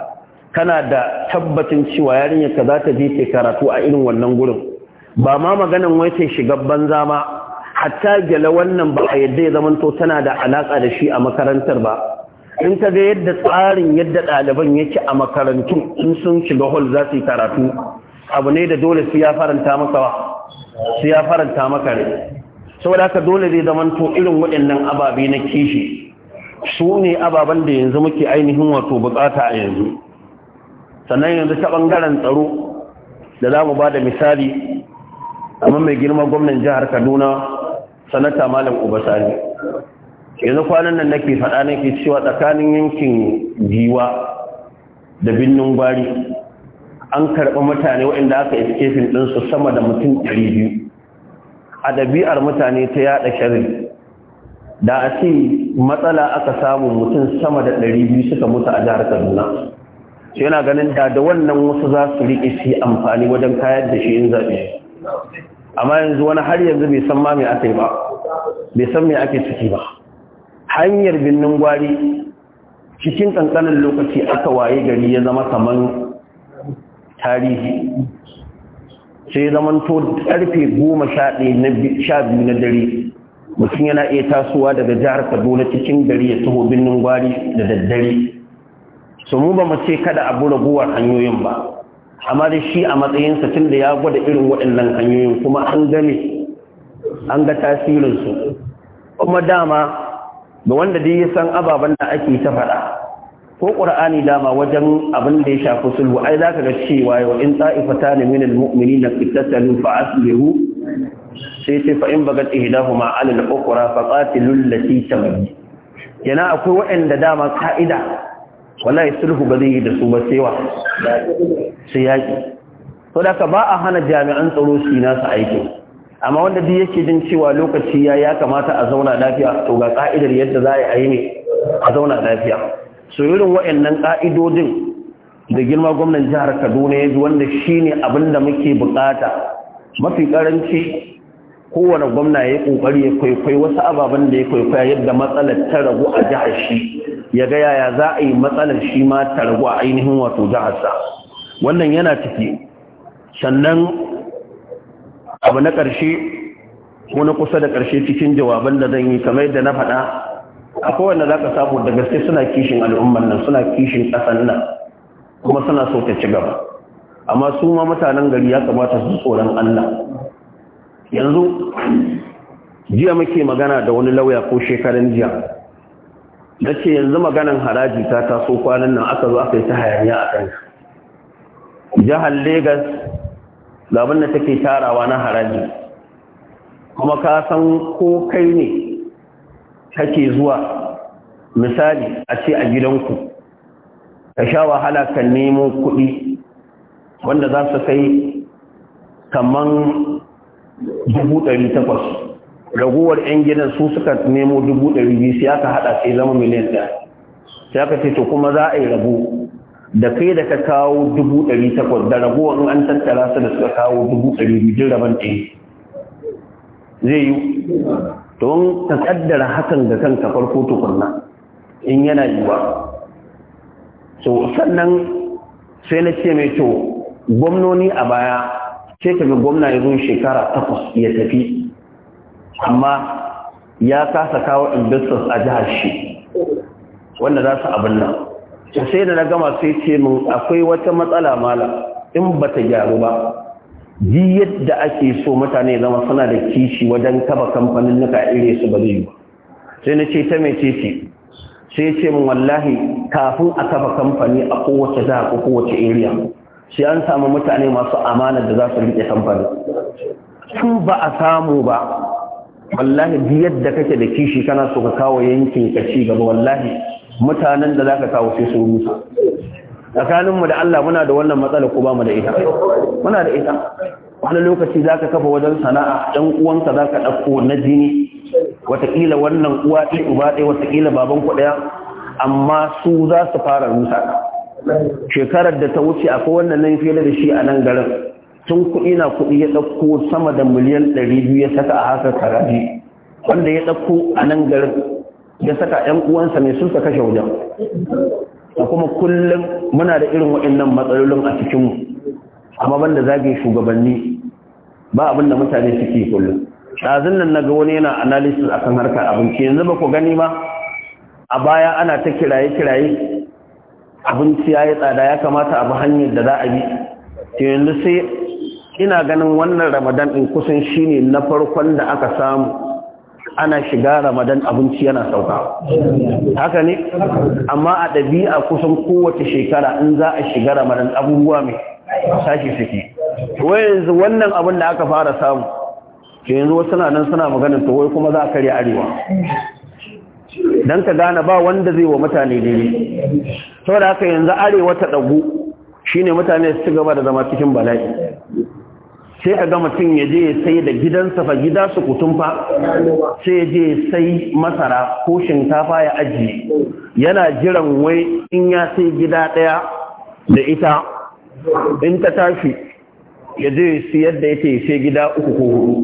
kana da tabbacin cewa yarinyar ka za ta je ke karatu a irin wannan gurin ba ma maganan wai sai shiga banza ma hatta gyala wannan ba a yadda ya zamanto tana da alaƙa da shi a makarantar ba in ka ga yadda tsarin yadda ɗaliban yake a makarantun in sun shiga hall za su yi karatu abu ne da dole su ya faranta maka ba. sai ya faranta maka ne saboda haka dole zai zamanto irin waɗannan ababe na kishi su ne ababen da yanzu muke ainihin wato bukata a yanzu sannan yanzu ta ɓangaren tsaro da za mu ba da misali amma mai girma gwamnan jihar kaduna sanata malam ubasani yanzu kwanan nan nake faɗa nake cewa tsakanin yankin giwa da binnin gwari an karɓi mutane waɗanda aka iskefin ɗinsu sama da mutum ɗari biyu, a ɗabi'ar mutane ta yaɗa shirin da a ce matsala aka samu mutum sama da ɗari biyu suka mutu a jihar kaduna su yana ganin da da wannan wasu za su riƙe su amfani wajen kayar da shi in zaɓe amma yanzu wani har yanzu bai san ma mai aka yi ba bai san mai ake ciki ba hanyar binnin gwari cikin ƙanƙanin lokaci aka waye gari ya zama kamar tarihi sai zaman to karfe goma sha biyu na dare mutum yana iya tasowa daga jihar kaduna cikin gari ya taho birnin gwari da daddare su mu ba mu ce kada a bura guwar hanyoyin ba amma da shi a matsayinsa tun da ya gwada irin waɗannan hanyoyin kuma an gane an ga tasirinsu kuma dama ga wanda dai ya san ababen da ake ta faɗa ko qur'ani dama wajen abin da ya shafi sulhu ai zaka ga cewa wa in ne min almu'minina ittatalu fa aslihu sai ce fa in bagat ihdahuma 'ala al-ukhra fa qatilu allati tabghi yana akwai waɗanda dama ka'ida wallahi sulhu ba zai yi da su ba sai wa sai yaki to da ka ba a hana jami'an tsaro su yi nasu aikin amma wanda duk yake jin cewa lokaci ya ya kamata a zauna lafiya to ga ka'idar yadda za a yi ne a zauna lafiya su wa'annan waɗannan ƙa'idodin da girma gwamnan jihar kaduna ya ji wanda shi ne da muke bukata mafi ƙaranci, kowane gwamna ya ƙoƙari ya kwaikwai wasu ababen da ya kwaikwaya yadda matsalar ta ragu a jihar shi ya ga yaya za a yi matsalar shi ma ta ragu a ainihin wato jiharsa wannan yana ciki sannan abu na ƙarshe ko na kusa da ƙarshe cikin jawaban da zan yi kamar yadda na faɗa A kowane za ka samu da gaske suna kishin al'umman nan suna kishin ƙasan nan kuma suna so ta ci gaba amma su ma mutanen gari ya kamata su tsoron Allah yanzu jiya muke magana da wani lauya ko shekaran jiya na ce yanzu maganan haraji ta taso kwanan nan aka zo aka yi ta hayaniya a kan jihar Legas ga da take tarawa na haraji kuma ka san ko kai ne kake zuwa misali a ce a gidanku ka sha wahala ka nemo kuɗi wanda za su kai kamar dubu ɗari takwas ragowar 'yan gidan su suka nemo dubu ɗari biyu sai aka haɗa sai zama miliyan ɗaya sai aka ce to kuma za a yi rabu da kai da ka kawo dubu ɗari takwas da raguwa in an tattara su da suka kawo dubu ɗari biyu rabon ɗaya zai yi don ka kaddara hakan da kanka farko tukunna in yana yiwa so sannan sai na ce mai to gwamnoni a baya ce ka ga gwamna ya zo shekara takwas ya tafi amma ya kasa kawo investors a jihar shi wanda za su abin nan sai da na gama sai ce min akwai wata matsala mala in ba ta gyaru ba yi yadda ake so mutane zama suna da kishi wajen kaba kamfanin nuka iri su ba zai sai na ce ta mai ce sai ce min wallahi kafin a kaba kamfani a kowace jiha ko kowace area shi an samu mutane masu amana da za su riƙe kamfani su ba a samu ba wallahi ji yadda kake da kishi kana so ka kawo yankin ka ci gaba wallahi mutanen da za ka kawo sai su rusa tsakaninmu da Allah muna da wannan matsala ko ba mu da ita muna da ita wani lokaci za ka kafa wajen sana'a ɗan uwanka za ka ɗauko na jini watakila wannan uwa ɗin uba ɗaya watakila baban ku ɗaya amma su za su fara rusa shekarar da ta wuce akwai wannan nan fiye da shi a nan garin tun kuɗi na kuɗi ya ɗauko sama da miliyan ɗari biyu ya saka a haka karaji wanda ya ɗauko a nan garin ya saka ‘yan uwansa ne sun ka kashe wajen da kuma kullum muna da irin waɗannan matsalolin a cikinmu amma banda zagin shugabanni ba abin mutane suke kullum ɗazin nan na ga wani yana analysis akan harka abinci yanzu ba ku gani ba a baya ana ta kiraye-kiraye abinci ya yi tsada ya kamata a abu hanyar da za a bi to yanzu sai ina ganin wannan ramadan ɗin kusan shine na farkon da aka samu ana shiga ramadan abinci yana sauka haka ne amma a ɗabi'a kusan kowace shekara in za a shiga ramadan abubuwa mai sashi suke yanzu wannan abin da aka fara samu ke yanzu wasu na nan suna maganin to wai kuma za a karya arewa don ka gane ba wanda zai wa mutane daidai saboda haka yanzu arewa ta ɗagu shine mutane su gaba da zama cikin bala'i sai ka ga mutum ya je sai da gidansa fa gida su kutumfa sai ya je sai masara ko shinkafa ya ajiye yana jiran wai in ya sai gida ɗaya da ita in ta tashi ya je siyar da yake sai gida uku ko hudu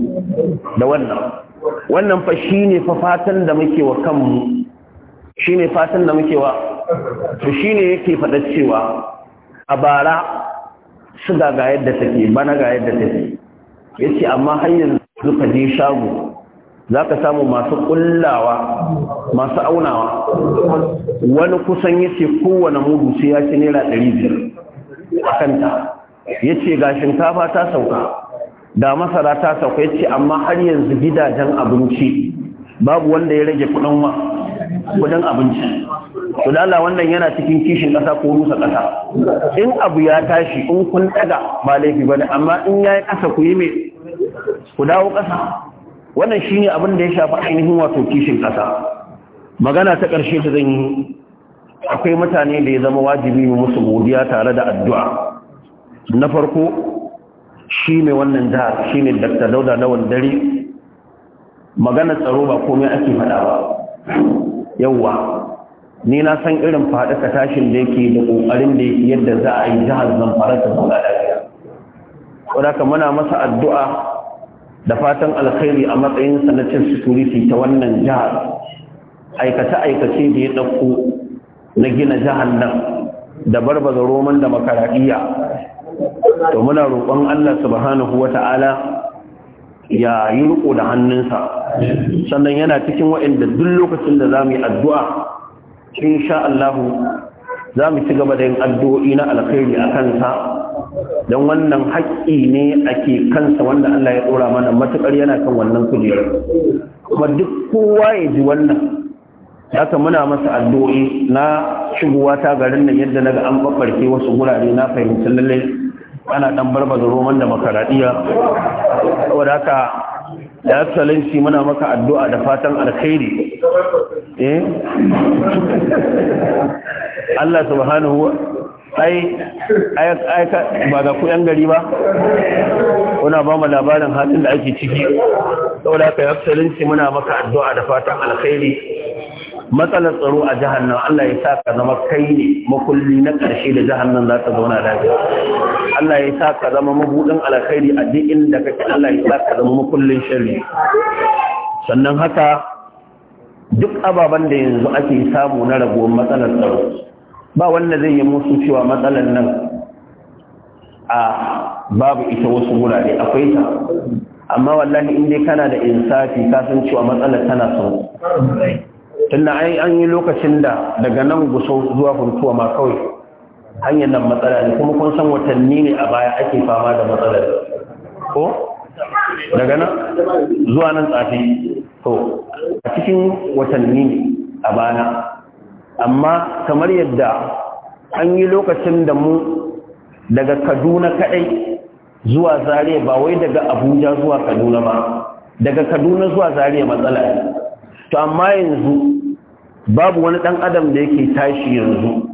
da wannan wannan fa shine fa fatan da muke wa kanmu shine fatan da muke wa to shine yake faɗa cewa a bara suga ga yadda take bana ga yadda take ya amma har yanzu ka je shago zaka samu masu kullawa masu aunawa wani kusan ya ce kowane mudu sai ya ci naira ɗari biyar a kanta ga shinkafa ta sauka da masara ta sauka ya amma har yanzu gidajen abinci babu wanda ya rage kudin abinci to Allah wannan yana cikin kishin ƙasa ko rusa ƙasa in abu ya tashi in kun daga ba laifi bane amma in yayi ƙasa ku yi me ku dawo ƙasa wannan shine abin da ya shafi ainihin wato kishin ƙasa magana ta ƙarshe ta zan yi akwai mutane da ya zama wajibi mu musu godiya tare da addu'a na farko shi ne wannan jihar shi ne Dr. Dauda na wandare. magana tsaro ba komai ake faɗa ba yawwa ni na san irin faɗi ka tashin da yake da ƙoƙarin da yake yadda za a yi jihar zamfara ta zauna lafiya ka muna masa addu'a da fatan alkhairi a matsayin sa na security ta wannan jihar aikace-aikace da ya ɗauko na gina jihar nan da barbaza roman da makaraɗiya to muna roƙon Allah subhanahu wa ta'ala ya yi ruku da hannunsa sannan yana cikin waɗanda duk lokacin da za mu yi addu'a insha Allah za mu ci gaba da yin addu'o'i na alkhairi a kansa don wannan haƙƙi ne ake kansa wanda Allah ya ɗora mana matuƙar yana kan wannan kujera kuma duk kowa ya ji wannan haka muna masa addu'o'i na shigowa ta garin nan yadda naga an babbarke wasu gurare na fahimci lalle ana dan barbaza roman da makaradiya saboda haka da muna maka addu'a da fatan alkhairi eh Allah subhanahu ai ai ba ga ku yan gari ba kuna ba mu labarin halin da ake ciki saboda kai excellency muna maka addu'a da fatan alkhairi matsalar tsaro a jihar nan Allah ya sa ka zama kai ne makulli na ƙarshe da jihar nan za ta zauna lafiya Allah ya sa ka zama mabudin alkhairi a duk inda kake Allah ya sa ka zama makullin sharri sannan haka duk ababen da yanzu ake samu na ragowar matsalar tsaro ba wanda zai yi musu cewa matsalar nan a babu ita wasu wurare akwai ta amma wallahi in dai kana da insafi ka san cewa matsalar tana so tunda an yi lokacin da daga nan gusau zuwa funtuwa ma kawai hanyar nan matsala ne kuma kun san watanni ne a baya ake fama da matsalar ko daga nan zuwa nan tsafi to a cikin watanni a bana amma kamar yadda an yi lokacin da mu daga kaduna kadai zuwa zariya ba wai daga abuja zuwa kaduna ba daga kaduna zuwa zariya matsala ne to amma yanzu babu wani dan adam da yake tashi yanzu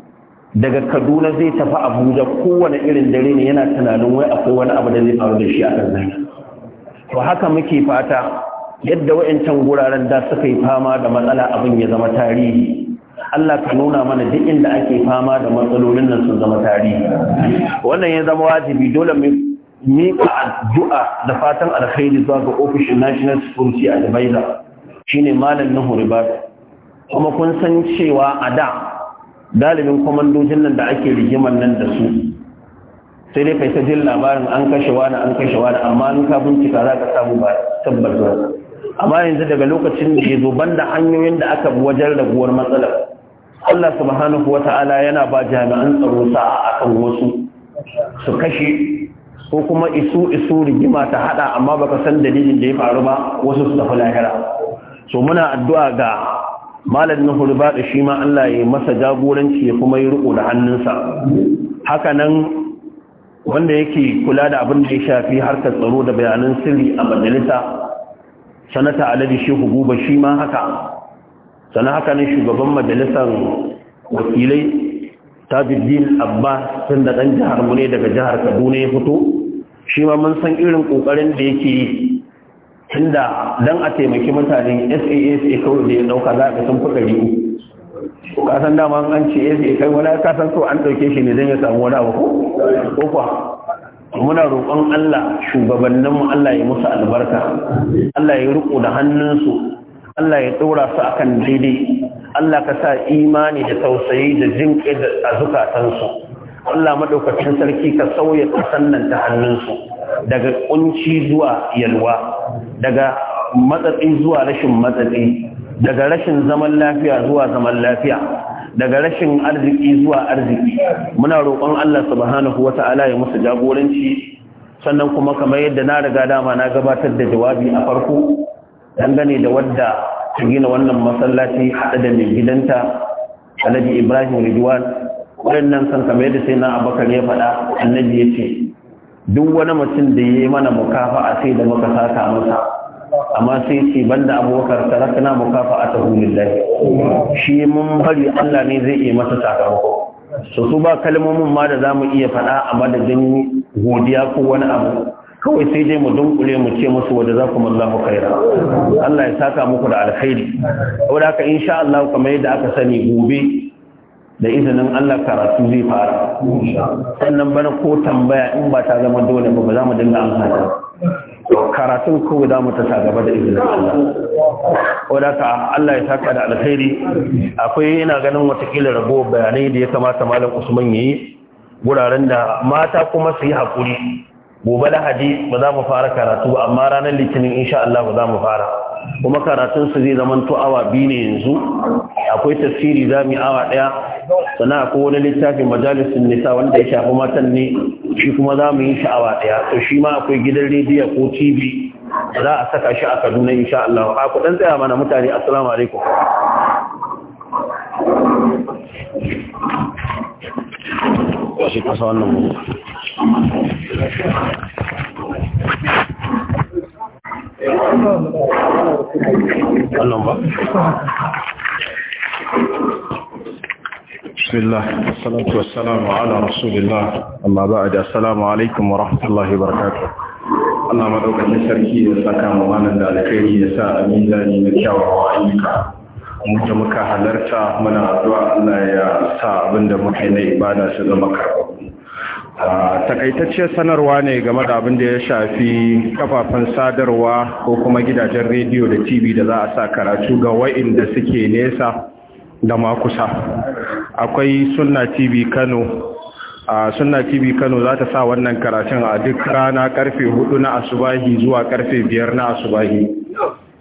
daga kaduna zai tafi abuja kowane irin dare ne yana tunanin wai akwai wani abu da zai faru da shi a kan to haka muke fata yadda wa'incan guraren da suka yi fama da matsala abin ya zama tarihi Allah ka nuna mana duk inda ake fama da matsalolin nan sun zama tarihi wannan ya zama wajibi dole mu miƙa addu'a da fatan alkhairi zuwa ga ofishin National Security Advisor shine malam Nuhu Ribat kuma kun san cewa a da dalibin kwamandojin nan da ake rigimar nan da su sai dai kai ta jin labarin an kashe wani an kashe wani amma in ka bincika za ka samu ba tabbas amma yanzu daga lokacin da ya zo da hanyoyin da aka bi wajen raguwar matsalar Allah subhanahu wa ta'ala yana ba jami'an tsaro sa'a akan wasu su kashe ko kuma isu isu rigima ta hada amma baka san dalilin da ya faru ba wasu su tafi lahira so muna addu'a ga malamin hulba da shi ma Allah ya masa jagoranci ya kuma yi riko da hannunsa haka nan wanda yake kula da abin da ya shafi harkar tsaro da bayanan sirri a majalisa sanata alhaji shehu guba shi ma haka sannan haka ne shugaban majalisar wakilai tabiddin abba tun da ɗan jihar mu ne daga jihar kaduna ya fito shi ma mun san irin ƙoƙarin da yake yi tunda don a taimaki mutane a kawai da ya ɗauka za ka sun fi ka san kasan dama an ce saasa kai wani kasan so an ɗauke shi ne don ya samu wani abu ko kuwa muna roƙon Allah shugabanninmu Allah ya musu albarka Allah ya riko da hannunsu Allah ya ɗora su akan daidai Allah ka sa imani da tausayi da jinƙe a zukatansu Allah maɗaukacin sarki ka sauya ƙasan nan ta hannunsu daga ƙunci zuwa yalwa daga matsatsi zuwa rashin matsatsi daga rashin zaman lafiya zuwa zaman lafiya daga rashin arziki zuwa arziki muna roƙon Allah subhanahu ta'ala ya musu jagoranci sannan kuma kamar yadda na riga dama na gabatar da jawabi a farko dangane da wadda ta gina wannan masallaci haɗa da mai gidanta Alhaji Ibrahim Ridwan waɗannan san kamar yadda sai na Abakar ya faɗa annabi ya ce duk wani mutum da ya yi mana a sai da muka saka masa amma sai ce banda a ta hulun lillahi shi mun bari Allah ne zai iya masa sakamako so su ba kalmomin ma da zamu iya faɗa a madadin godiya ko wani abu kawai sai dai mu dunkule mu ce musu wadda za ku mallahu kaira Allah ya saka muku da alkhairi aka haka insha Allah kamar da aka sani gobe da izinin Allah karatu zai fara sannan bana ko tambaya in ba ta zama dole ba ba za mu dinga amsa karatun ku za mu ta gaba da izinin Allah wadaka Allah ya saka da alkhairi akwai ina ganin watakila rabo bayanai da ya kamata malam Usman yayi guraren da mata kuma su yi hakuri gobe lahadi ba za mu fara karatu amma ranar litinin insha Allah ba za mu fara kuma karatun su zai zama to awa biyu ne yanzu akwai tafsiri za mu awa ɗaya, sannan akwai wani littafin majalisun nisa wanda ya shafi matan ne shi kuma za mu yi shi awa ɗaya, to shi ma akwai gidan rediyo ko tv za a saka shi a kaduna insha Allah a ku dan tsaya mana mutane assalamu alaikum kasa wannan ba بسم الله والصلاة والسلام على رسول الله أما بعد السلام عليكم ورحمة الله وبركاته Allah sarki da saka mu wannan da alkhairi ya sa amin zani na kyawawa ayyuka mu muka halarta muna addu'a Allah ya sa abin da muka na ibada su zama takaitacce sanarwa ne game da abin da ya shafi kafafen sadarwa ko kuma gidajen rediyo da tv da za a sa karatu ga wa'inda suke nesa da makusa akwai sunna tv kano a sunna tv kano za ta sa wannan karatun a duk rana karfe 4 na asubahi zuwa karfe 5 na asubahi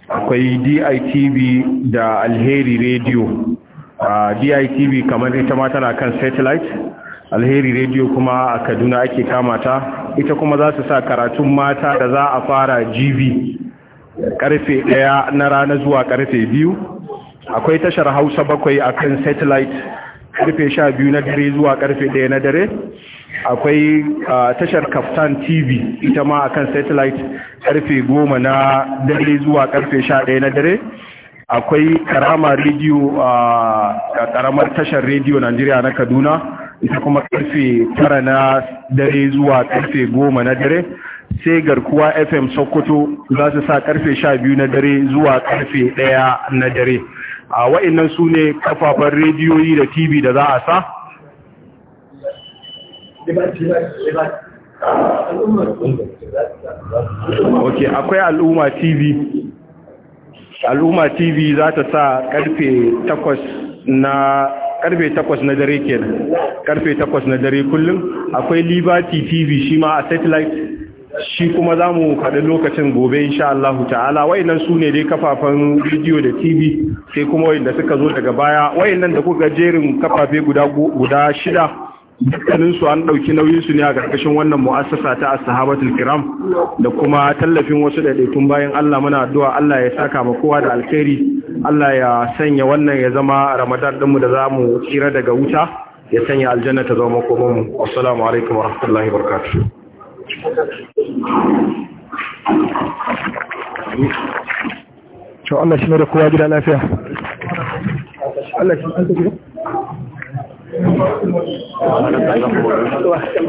akwai ditv da alheri radio ditv kamar ita ma tana kan satellite alheri rediyo kuma a kaduna ake kama ta ita kuma za su sa karatun mata da za a fara gv karfe daya na rana zuwa karfe biyu akwai tashar hausa bakwai akan kan satellite karfe sha biyu na dare zuwa karfe daya na dare akwai tashar kaftan tv ita ma a satellite karfe goma na dare zuwa karfe sha daya na dare akwai karama rediyo a karamar tashar rediyo najeriya na kaduna ita kuma karfe tara na dare zuwa karfe goma na dare sai garkuwa fm sokoto za su sa karfe sha biyu na dare zuwa karfe daya na dare a wa'annan su ne kafafen rediyoyi da tv da za a sa ok akwai al'umma tv al'umma tv za ta sa karfe takwas na karfe takwas na dare kenan karfe 8 na dare kullum akwai liberty tv shi ma a satellite shi kuma za mu faɗi lokacin gobe insha Allah ta'ala wayannan su ne dai kafafen bidiyo da tv sai kuma wayanda suka zo daga baya wayannan da kuka jerin kafafe guda shida dukkanin su an ɗauki nauyin su ne a karkashin wannan mu'assasa ta ashabatul kiram da kuma tallafin wasu daidaitun bayan Allah muna addu'a Allah ya saka ma kowa da alkhairi Allah ya sanya wannan ya zama ramadan ɗinmu da za mu tsira daga wuta ya sanya aljanna ta zama makomin assalamu alaikum wa rahmatullahi barkatu to Allah shi ne da kowa gida lafiya Allah shi ne da kowa